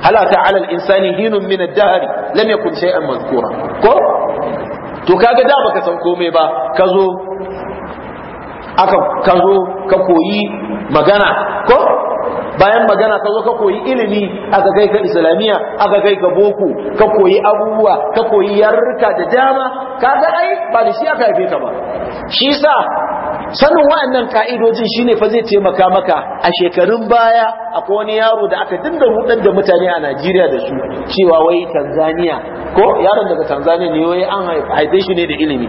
halata 'alal insani hinun min ad-dahr lam yakun shay'an mazkura ko to kaga da baka san komai ba ka zo aka ka zo ka koyi magana ko bayan magana ka zo ka koyi ilimi aka kai ka islamiyya aka kai ka boko ka koyi abubuwa ka koyi yarurruka da dama kaga ai ba da shi aka haife ka ba shi sa sanin wa'annan ka'idojin shine fa zai taimaka maka a shekarun baya akwai wani yaro da aka dinda rudar da mutane a Najeriya da su cewa wai Tanzania ko yaron daga Tanzania ne wai an haife shi ne da ilimi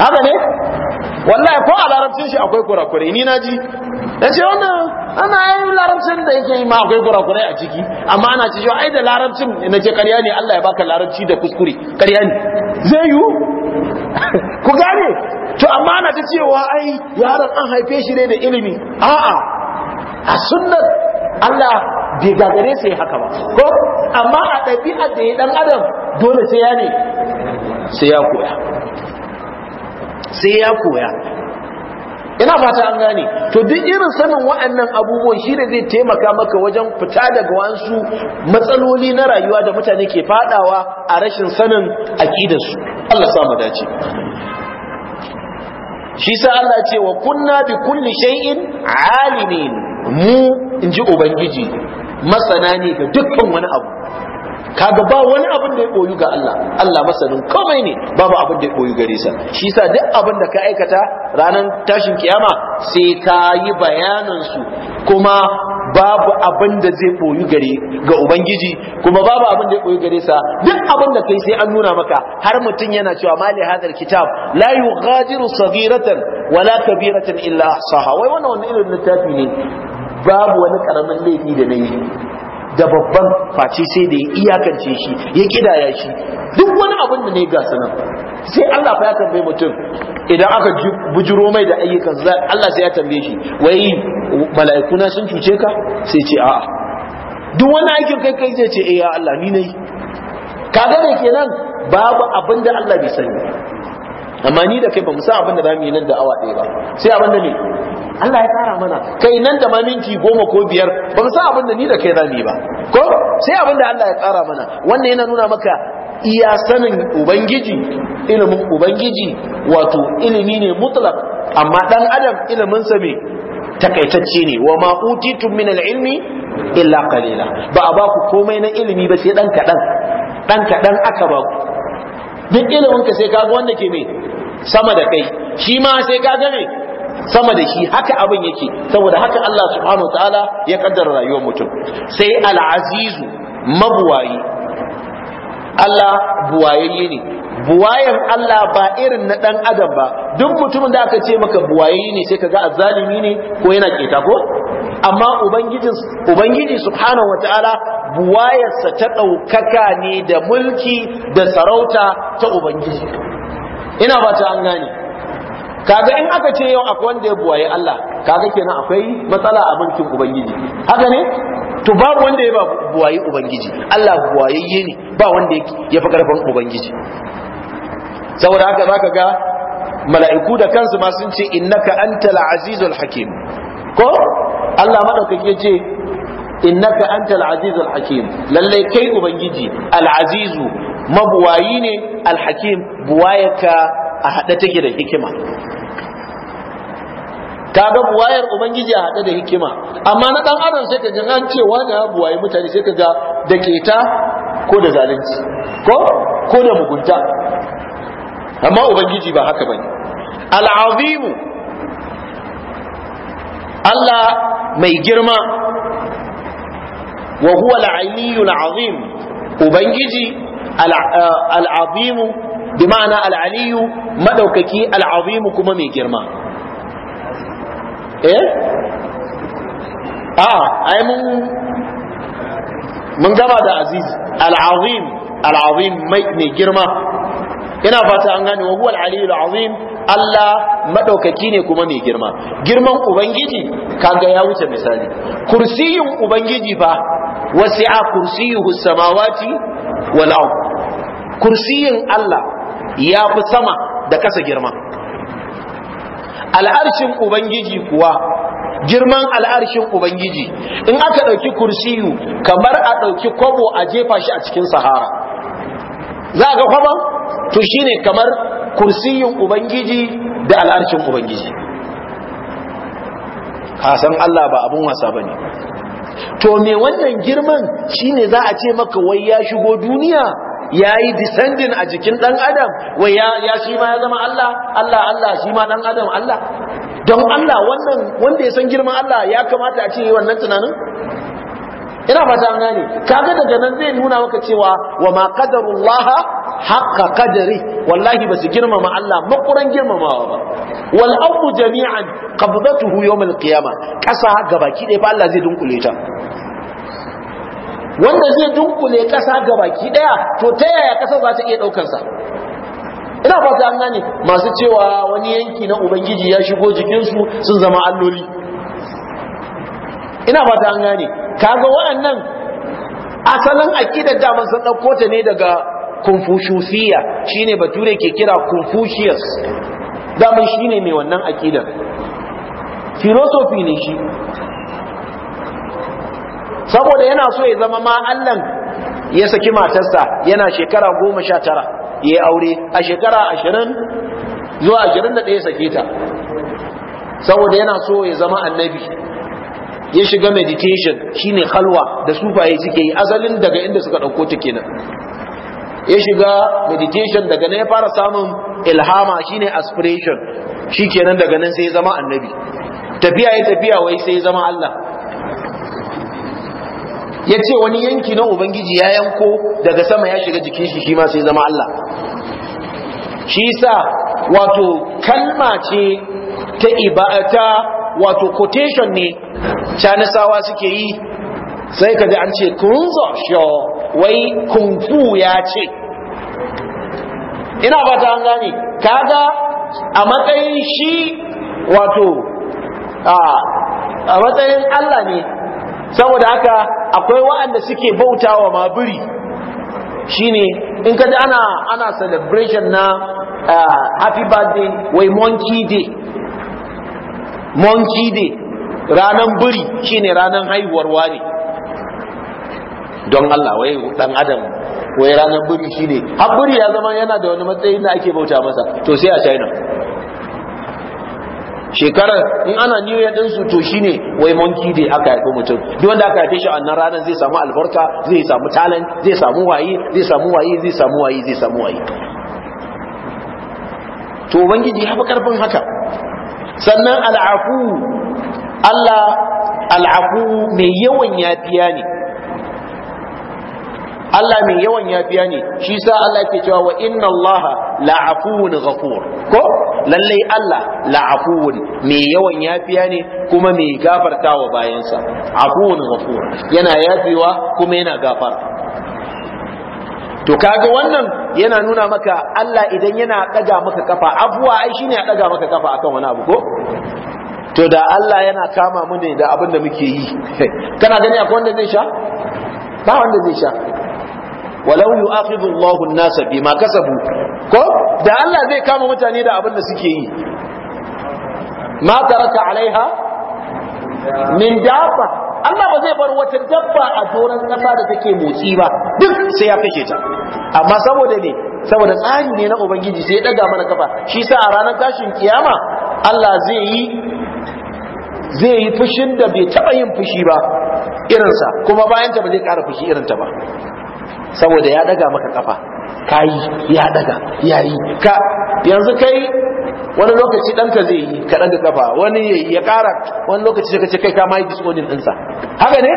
haka ne wallahi ko a larabcin shi akwai kurakurai ni ji? da ce wannan ana yi larabcin da yake yi ma akwai kurakurai a ciki amma ana ci shi ai da larabcin na ce karya ne Allah ya baka larabci da kuskure karya ne zai yiwu ku gane to amma ana ta cewa ai yaron an haife shi ne da ilimi a'a a sunnar Allah bai gagare sai haka ba ko amma a ɗabi'ar da ya dan adam dole sai ya ne sai ya koya sai ya koya ina fata an gane to duk irin sanin waɗannan abubuwan shi ne zai taimaka maka wajen fita daga wasu matsaloli na rayuwa da mutane ke fadawa a rashin sanin su Allah sa samu dace shi sa Allah ce wa kunna bi kulli shay'in alimin mu inji ubangiji masana ne ga dukkan wani abu kaga ba wani abin da ya koyu ga Allah Allah masanin komai ne babu abin da ya koyu gare sa shi yasa duk abin da ka aikata ranar tashin kiyama sai ka yi bayanan su kuma babu abin da zai koyu gare ga ubangiji kuma babu abin da ya koyu gare sa duk abin da kai sai an nuna maka har mutum yana cewa mali hadal kitab la yughadiru saghiratan wala kabiratan illa ahsaha wai wannan wannan irin littafi ne babu wani karamin laifi da nayi da babban face sai da ya iyakance shi ya kidaya shi duk wani abin da ne ga sanan sai Allah fa ya tambaye mutum idan aka bujuro mai da ayyukan Allah sai ya tambaye shi wai mala'ikuna sun cuce ka sai ce a'a duk wani aikin kai kai zai ce eh ya Allah ni ne kaga ne kenan babu abin da Allah bai sani amma ni da kai ba mu san abin da za yi nan da awa ɗaya ba sai abin da ne Allah ya kara mana kai nan da ma minti goma ko biyar ba mu san abin da ni da kai za mu yi ba ko sai abin da Allah ya kara mana wannan yana nuna maka iya sanin ubangiji ilimin ubangiji wato ilimi ne mutlak amma dan adam ilimin sa me takaitacce ne wa ma utitum min al-ilmi illa qalila ba a ba ku komai na ilimi ba sai dan kadan dan kadan aka ba ku duk ilimin ka sai ka ga wanda ke me sama da kai shi ma sai ka ga me sama da shi haka abin yake saboda haka Allah subhanahu ta'ala ya kaddara rayuwar mutum sai Al'azizu azizu mabuwayi Allah buwayayye ne buwayen Allah ba irin na dan adam ba duk mutumin da aka ce maka buwayayye ne sai ka ga azzalimi ne ko yana keta ko amma ubangijin ubangiji subhanahu wataala buwayarsa ta ɗaukaka ne da mulki da sarauta ta ubangiji ina ba ta an gane kaga in aka ce yau akwai wanda ya buwaye Allah kaga kenan akwai matsala a bankin ubangiji haka ne to babu wanda ya ba buwaye ubangiji Allah buwayayye ne ba wanda ya fi karfin ubangiji saboda haka zaka ga mala'iku da kansu ma sun ce innaka antal azizul hakim ko Allah madaukake ce innaka antal azizul hakim lalle kai ubangiji al azizu mabuwayi ne al hakim buwayaka a hada take da hikima kaga buwayar ubangiji a hada da hikima amma na dan adam sai kaga an ce wani buwayi mutane sai kaga da keta ko da zalunci ko ko da mugunta amma ubangiji ba haka bane al azimu Allah mai girma wa huwa al-aliyyul ubangiji uh, al-azim bi ma'ana al-aliyyu madaukaki al kuma mai girma eh a ah, ai mun mun gama da aziz al-azim mai girma ina fata an gane wa huwa al-aliyyul azim Allah maɗaukaki ne kuma mai girma girman ubangiji kaga ya wuce misali kursiyin ubangiji fa wasi'a kursiyuhu samawati wal ard kursiyin Allah ya fi sama da kasa girma al'arshin ubangiji kuwa girman al'arshin ubangiji in aka ɗauki kursiyu kamar a ɗauki kwabo a jefa shi a cikin sahara za a ga kwaban to shine kamar kursiyin ubangiji da al'arcin ubangiji kasan Allah ba abun wasa ba ne to me wannan girman shine za a ce maka wai ya shigo duniya ya yi descending a jikin ɗan adam wai ya shi ma ya zama Allah Allah Allah shi ma ɗan adam Allah don Allah wannan wanda ya san girman Allah ya kamata a ce wannan tunanin ina fata an gane kaga daga nan zai nuna maka cewa wa ma qadarullah haqqa kadari wallahi basu girmama Allah makuran girmamawa ba wal ardu jami'an qabdatuhu yawm al qiyamah kasa gabaki ɗaya fa Allah zai dunkule ta wanda zai dunkule kasa gabaki ɗaya to ta yaya kasa za ta iya daukar sa ina fata an gane masu cewa wani yanki na ubangiji ya shigo jikinsu sun zama alloli ina fata an gane kaga waɗannan asalin aqidar da mun san dauko ta ne daga confuciusiya shine bature ke kira confucius daman shine mai wannan akidar philosophy ne shi saboda yana so ya zama ma allan ya saki matarsa yana shekara goma sha tara ya aure a shekara ashirin zuwa ashirin da ɗaya sake ta saboda yana so ya zama annabi ya shiga meditation shine halwa da sufaye suke yi asalin daga inda suka ɗauko ta kenan ya shiga meditation daga nan ya fara samun ilhama shine aspiration shikenan daga nan sai ya zama annabi tafiya ya tafiya wai sai ya zama Allah ya ce wani yanki na ubangiji ya yanko daga sama ya shiga jikin shi shi ma sai zama Allah shi sa wato kalma ce ta ibata wato quotation ne canisawa suke yi sai ka ji an ce kunzo sho wai kungfu ya ce ina ba ta an gane kaga a matsayin shi wato a matsayin Allah ne saboda haka akwai waɗanda suke bautawa ma shine in ka ji ana ana celebration na happy birthday wai monkey day monkey day ranan biri shine ranan haihuwar wani don Allah wai dan adam wai ranar buri shine har buri ya zama yana da wani matsayi da ake bauta masa to sai a China shekarar in ana new year din su to shine wai monkey day aka haifi mutum duk wanda aka haife shi a wannan ranar zai samu albarka zai samu talent zai samu wayi zai samu wayi zai samu wayi zai samu wayi to ubangiji ya fi karfin haka sannan al'afu Allah al'afu mai yawan yafiya ne Allah mai yawan yafiya ne shi sa Allah ke cewa wa inna Allah la'afuwun ghafur ko lalle Allah la'afuwun mai yawan yafiya ne kuma mai gafartawa bayansa afuwun ghafur yana yafewa kuma yana gafara to kaga wannan yana nuna maka Allah idan yana daga maka kafa afuwa ai shine ya daga maka kafa akan wani abu ko to da Allah yana kama mu ne da abinda muke yi kana gani akwai wanda zai sha ba wanda zai sha walau yu'akhidhu Allahu an-nasa bima kasabu ko da Allah zai kama mutane da abin da suke yi ma taraka alaiha min dafa Allah ba zai bar wata dabba a doron kasa da take motsi ba duk sai ya kashe ta amma saboda ne saboda tsari ne na ubangiji sai ya daga mana kafa shi sa a ranar tashin kiyama Allah zai yi zai yi fushin da bai taba yin fushi ba irinsa kuma bayan ta ba zai kara fushi irinta ba saboda ya daga maka kafa kayi ya daga yayi ka yanzu kai wani lokaci ɗanka zai yi ka ɗaga kafa wani ya ƙara wani lokaci ka ce kai ka mai yi disonin ɗinsa haka ne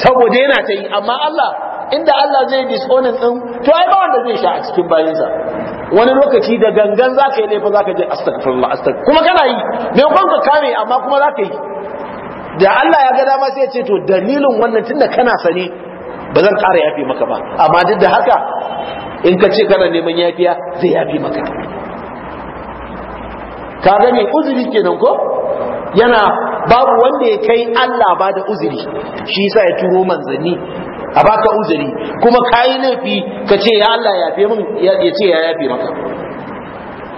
saboda yana ta yi amma Allah inda Allah zai yi disonin ɗin to ai ba wanda zai sha a cikin bayansa wani lokaci da gangan za ka yi laifin za ka je astagfirullah astagfirullah kuma kana yi mai kwan ka kame amma kuma za ka yi da Allah ya ga dama sai ya ce to dalilin wannan tunda kana sani ba zan ƙara yafi maka ba amma duk da haka in ka ce kana neman yafiya zai yafe maka ka gani uzuri kenan ko yana babu wanda ya kai Allah ba da uzuri shi yasa ya turo manzanni a baka uzuri kuma kayi laifi ka ce ya Allah yafe min ya ce ya yafe maka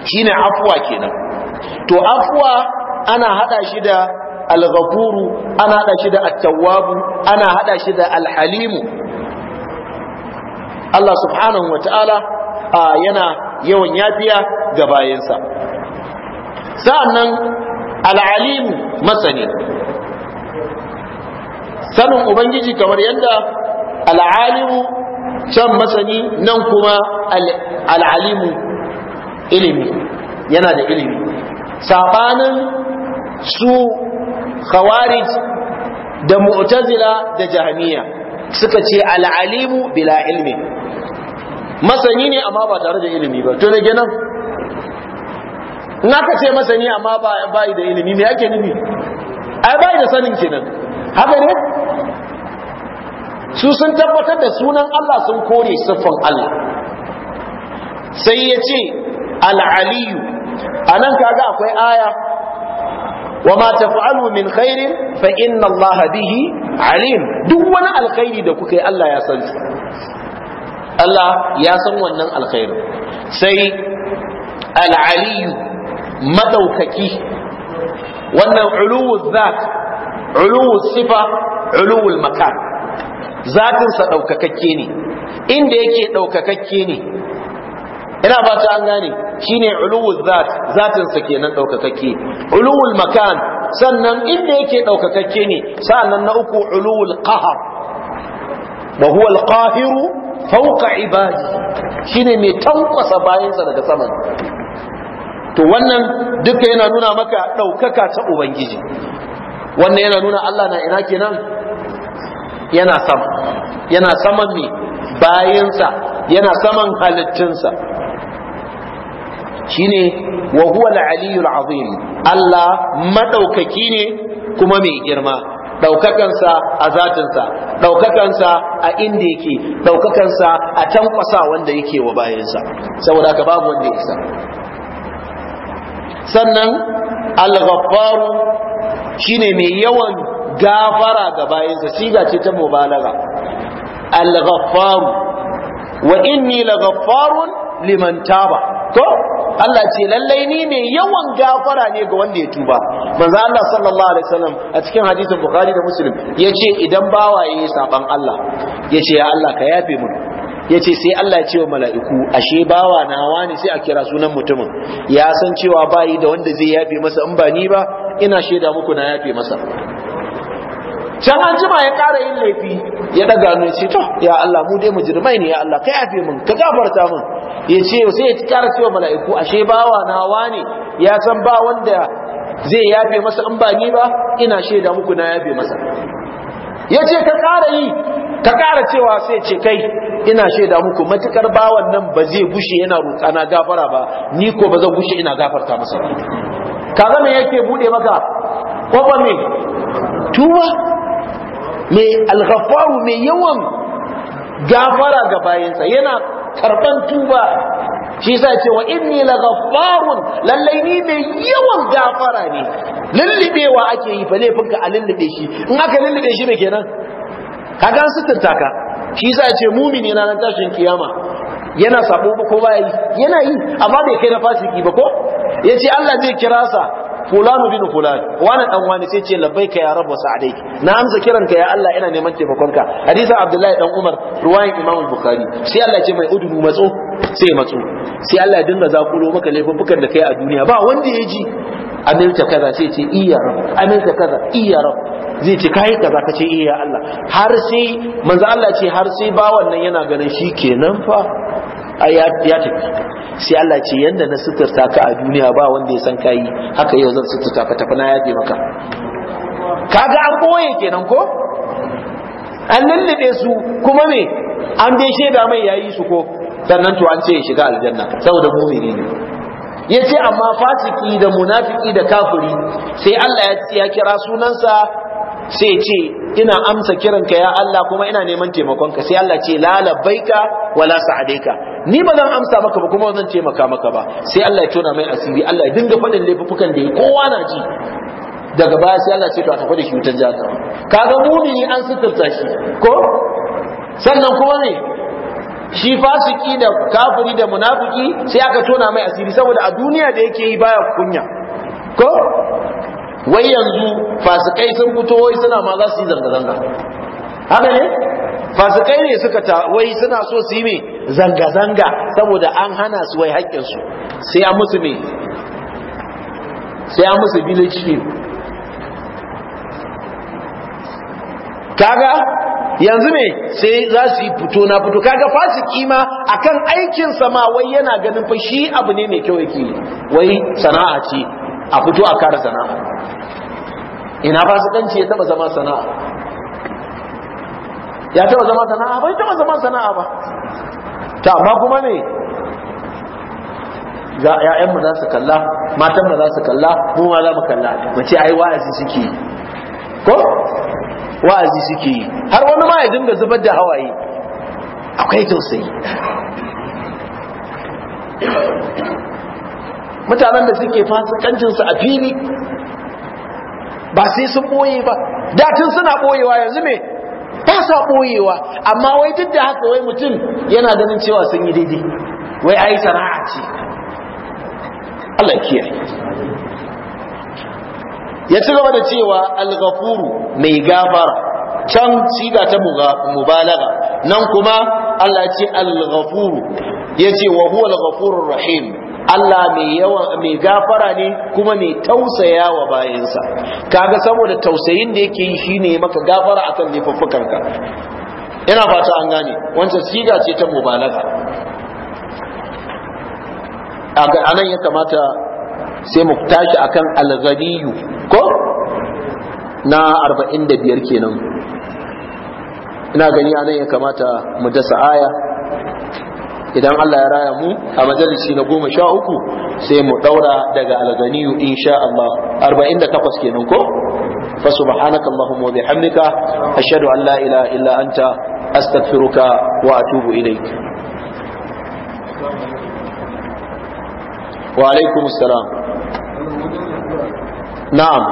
shine afwa kenan to afwa ana hada shi da al-ghafuru ana hada shi da at tawwab ana hada shi da al-halimu Allah subhanahu wa ta'ala yana yawan yafiya ga bayansa sa'annan al'alim masani sanin ubangiji kamar yadda al'alimu can masani nan kuma al'alimu ilimi yana da ilimi sabanin su khawarij da mu'tazila da jahmiya suka ce al'alimu bila ilmi masani ne amma ba tare da ilimi ba to ne nan ka ce masani amma ba yi da ilimi me ake nufi ai bayi da sanin kenan haka ne su sun tabbatar da sunan Allah sun kore siffan Allah sai ya ce al'aliyu a nan kaga akwai aya وما تفعلوا من خير فإن الله به عليم duk wani alkhairi da kuka yi Allah ya san shi Allah ya san wannan alkhairi sai al-aliyu madaukaki wannan uluwu zat uluwu sifa uluwu makan Zafinsa sa daukakakke ne inda yake daukakakke ne ina ba ta an gane shine uluwul zat zatin sa kenan daukakakke uluwul makan sannan inda yake daukakakke ne sannan na uku uluwul qahar wa huwa al-qahiru fawqa ibadi shine mai tankwasa bayansa daga saman to wannan duka yana nuna maka daukaka ta ubangiji wannan yana nuna Allah na ina kenan yana sama yana saman me bayansa yana saman halittunsa shine wa huwa al-aliyyul azim Allah madaukaki ne kuma mai girma ɗaukakansa a zatinsa ɗaukakansa a inda yake ɗaukakansa a tankwasa wanda yake wa bayansa saboda ka babu wanda isa sannan al-ghaffaru shine mai yawan gafara ga bayansa siga ce ta mubalaga al-ghaffaru wa inni la ghaffarun liman taba ko Allah ce lallai ni ne yawan gafara ne ga wanda ya tuba manzo Allah sallallahu alaihi wasallam a cikin hadisin Bukhari da Muslim yace idan bawa yayi saban Allah yace ya Allah ka yafe mun yace sai Allah ya ce wa mala'iku ashe bawa na wani sai a kira sunan mutumin ya san cewa bayi da wanda zai yafe masa in ba ni ba ina shaida muku na yafe masa can an ya ƙara yin laifi ya ɗaga mai ce to ya Allah mu dai mujrimai ne ya Allah kai afi mun ka gafarta mun ya ce sai ya ƙara cewa mala'iku ashe bawa nawa ne ya san ba wanda zai yafe masa in ba ni ba ina shaida muku na yafe masa ya ce ka ƙara yi ka ƙara cewa sai ce kai ina shaida muku matukar bawan nan ba zai gushe yana roƙa na gafara ba ni ko ba zan gushe ina gafarta masa kaga me yake bude maka kofar me tuba mai alghafaru mai yawan gafara ga bayansa yana karban tuba shi yasa ce wa inni laghaffarun lallai ni mai yawan gafara ne lullubewa ake yi fa laifinka a lullube shi in aka lullube shi me kenan kaga an sutunta ka shi yasa ce mumini na nan tashin kiyama yana sabo ba ko ba yana yi amma bai kai na fasiki ba ko yace Allah zai kira sa fulanu bin fulan wani dan wani sai ce labbaika ya rabb wa sa'daik na amsa kiranka ya Allah ina neman taimakonka hadisi abdullahi dan umar ruwayan imam bukhari sai Allah ce mai udu matso sai matso sai Allah ya dinga zakulo maka laifukan da kai a duniya ba wanda ya ji amilta kaza sai ce iya rab amilta kaza iya rab zai ce kai kaza kace iya eh, Allah har sai manzo Allah ce har sai ba wannan yana ganin shi kenan fa ya tafi sai Allah ce yanda na suturta ka a duniya ba wanda ya san kai haka yau zan suturta ka tafi na yafe maka kaga an boye kenan ko an lullube su kuma me an dai shaida mai yayi su ko sannan to an ce ya shiga aljanna saboda mumini ne yace amma fasiki da munafiki da kafiri sai Allah ya ya kira sunansa sai ce ina amsa kiranka ya Allah kuma ina neman taimakonka sai Allah ce la labbaika wala sa'adaika ni ba zan amsa maka ba kuma zan taimaka maka ba sai Allah ya tona mai asiri Allah ya dinga faɗin laifukan da kowa na ji daga baya sai Allah ce to a tafi da shi wutar jaka kaga mumini an suturta shi ko sannan kuma ne shi fasiki da kafiri da munafiki sai aka tona mai asiri saboda a duniya da yake yi baya kunya ko wai yanzu fasikai sun fito wai suna ma za su yi zanga-zanga haka ne fasikai ne suka ta wai suna so su yi mai zanga-zanga saboda an hana su wai haƙƙinsu sai an musu mai sai an musu village kaga yanzu ne sai za su yi fito na fito kaga fasiki ma akan aikin sama wai yana ganin fa abu ne mai kyau yake wai sana'a ce a fito a kara sana'a ina fasikanci ya taba zama sana'a ya taba zama sana'a ba ya taba zama sana'a ba ta amma kuma ne za ƴaƴanmu za su kalla matanmu za su kalla mu ma za mu kalla mace ai wa'azi suke yi ko wa'azi suke yi har wani ma ya dinga zubar da hawaye akwai tausayi mutanen da suke fasikancinsu a fili ba sai sun boye ba da tun suna boyewa yanzu me ba sa boyewa amma wai duk da haka wai mutum yana ganin cewa sun yi daidai wai ai sana'a ce Allah kiyaye ya ci gaba da cewa al-ghafuru mai gafara can siga ta mubalaga nan kuma Allah ya ce al-ghafuru ya wa huwa al-ghafurur rahim Allah mai yawan mai gafara ne kuma mai tausaya wa bayansa kaga saboda tausayin da yake yi shi ne maka gafara akan laifuffukanka ina fata an gane wancan siga ce ta mubalaga A anan ya kamata sai mu tashi akan al ko na 45 kenan ina gani anan ya kamata mu dasa aya idan Allah ya raya mu a majalisi na goma sha uku sai mu daura daga alganiyu sha Allah arba'in da takwas kenan ko fa subhanaka allahumma wa bihamdika ashhadu an la ilaha illa anta astaghfiruka wa atubu ilaik wa alaikum na'am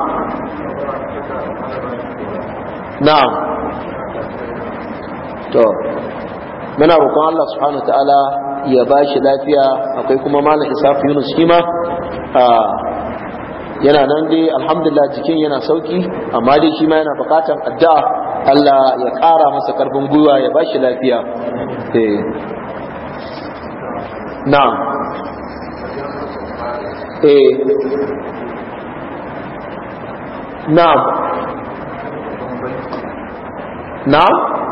to muna roƙon Allah subhanahu wa ta'ala ya ba shi lafiya akwai kuma malam Isaf Yunus shi ah, yana nan dai alhamdulillah jikin yana sauki amma dai shi ma yana buƙatar addu'a Allah ya ƙara masa ƙarfin gwiwa ya ba shi lafiya eh. na'am eh na'am na'am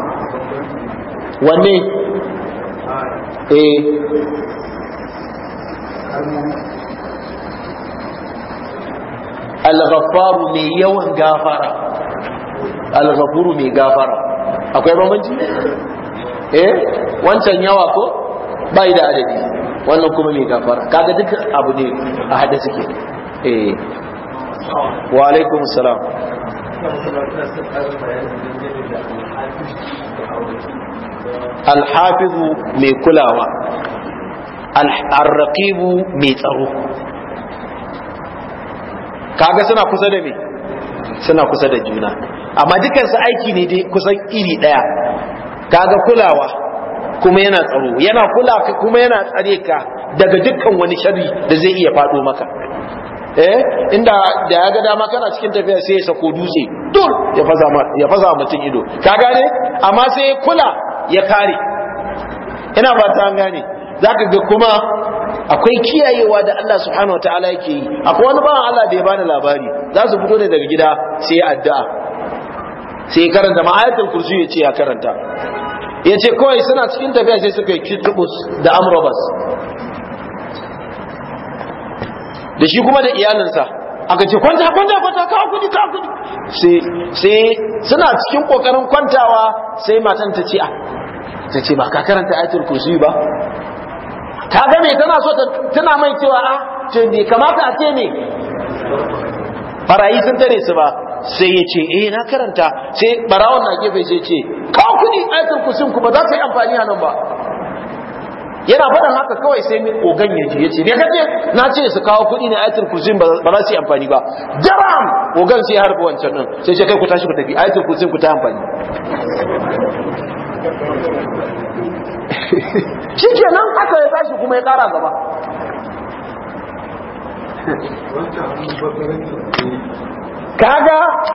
wanne eh al-ghaffaru mai yawan gafara al-ghafuru mai gafara akwai bambanci eh wancan yawa ko bai da adadi wannan kuma mai gafara kaga duka abu ne a hada suke eh wa alaikum salam الحافظ mai kulawa الرقيب mai tsaro kaga suna kusa da سنا suna kusa da juna amma ايكي aiki ne dai kusan iri كاغا kaga kulawa kuma yana tsaro yana kula kuma yana tsare ka daga dukkan wani shari da zai iya faɗo maka eh inda da ya ga dama kana cikin tafiya sai ya sako dutse dur ya faza ya faza mutum ido ka gane amma sai ya kula ya kare ina ba ta gane zaka ga kuma akwai kiyayewa da Allah subhanahu wataala yake yi akwai wani bawan Allah da ya bani labari za su fito ne daga gida sai ya addu'a sai karanta ma'ayatul kursi ya ce ya karanta ya ce kawai suna cikin tafiya sai suka yi kitubus da amrobas da shi kuma da iyalinsa aka ce kwanta kwanta kwanta kawo kudi kawo kudi sai sai suna cikin kokarin kwantawa sai matan ta ce a ah, ta ce ba ka karanta ayatul kursi ba ta ga me tana so ta tana mai cewa a ah, ce ne kamata a ce ne. barayi sun tare su ba sai ya ce eh na karanta sai barawon na gefe sai ce kawo kudi ayatul kursin ku ba za su yi amfani a nan ba yana faɗin haka kawai sai mai kogan ya ji ya ce ne kace na ce su kawo kuɗi ne ayatul kursin ba za su yi amfani ba jaram kogan sai har harba wancan nan sai ce kai ku tashi ku tafi ayatul kursin ku ta amfani shi nan aka ya tashi kuma ya ƙara gaba kaga